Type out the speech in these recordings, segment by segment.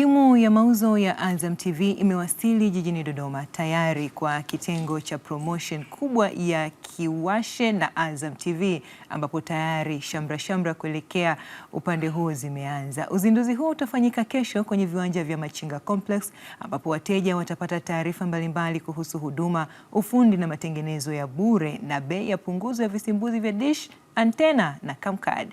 Timu ya mauzo ya Azam TV imewasili jijini Dodoma tayari kwa kitengo cha promotion kubwa ya Kiwashe na Azam TV ambapo tayari shamra shamra kuelekea upande huo zimeanza. Uzinduzi huo utafanyika kesho kwenye viwanja vya Machinga Complex ambapo wateja watapata taarifa mbalimbali kuhusu huduma, ufundi na matengenezo ya bure na bei ya punguzo ya visimbuzi vya dish, antena na camcard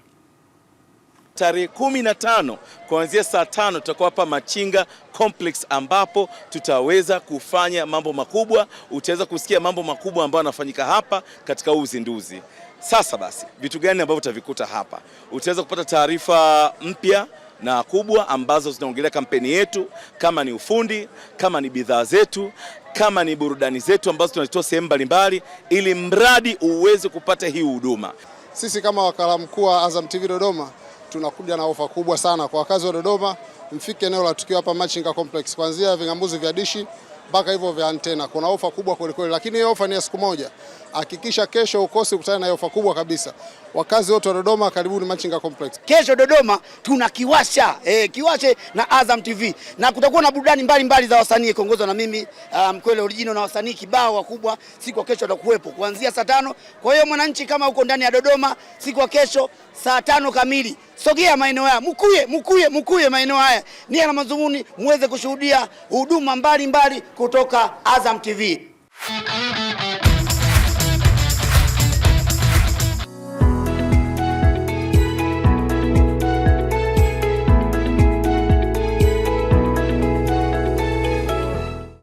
tarehe kumi na tano kuanzia saa tano tutakuwa hapa Machinga Complex ambapo tutaweza kufanya mambo makubwa. Utaweza kusikia mambo makubwa ambayo yanafanyika hapa katika huu uzinduzi. Sasa basi, vitu gani ambavyo utavikuta hapa? Utaweza kupata taarifa mpya na kubwa ambazo zinaongelea kampeni yetu, kama ni ufundi, kama ni bidhaa zetu, kama ni burudani zetu ambazo tunazitoa sehemu mbalimbali, ili mradi uweze kupata hii huduma. Sisi kama wakala mkuu wa Azam TV Dodoma tunakuja na ofa kubwa sana kwa wakazi wa Dodoma. Mfike eneo la tukio hapa Machinga Complex, kuanzia vingamuzi vya dishi mpaka hivyo vya antena, kuna ofa kubwa kweli kweli, lakini hiyo ofa ni ya siku moja. Hakikisha kesho ukosi kukutana na ofa kubwa kabisa. Wakazi wote wa Dodoma, karibuni Machinga Complex. Kesho Dodoma tuna kiwasha eh, kiwashe na Azam TV na kutakuwa na burudani mbalimbali za wasanii kuongozwa na mimi ah, Mkwele um, original na wasanii kibao wakubwa. Siku ya kesho atakuwepo kuanzia saa tano. Kwa hiyo mwananchi, kama uko ndani ya Dodoma siku ya kesho saa tano kamili, sogea maeneo haya, mkuye mkuye mkuye maeneo haya, nia na mazumuni muweze kushuhudia huduma mbalimbali kutoka Azam TV.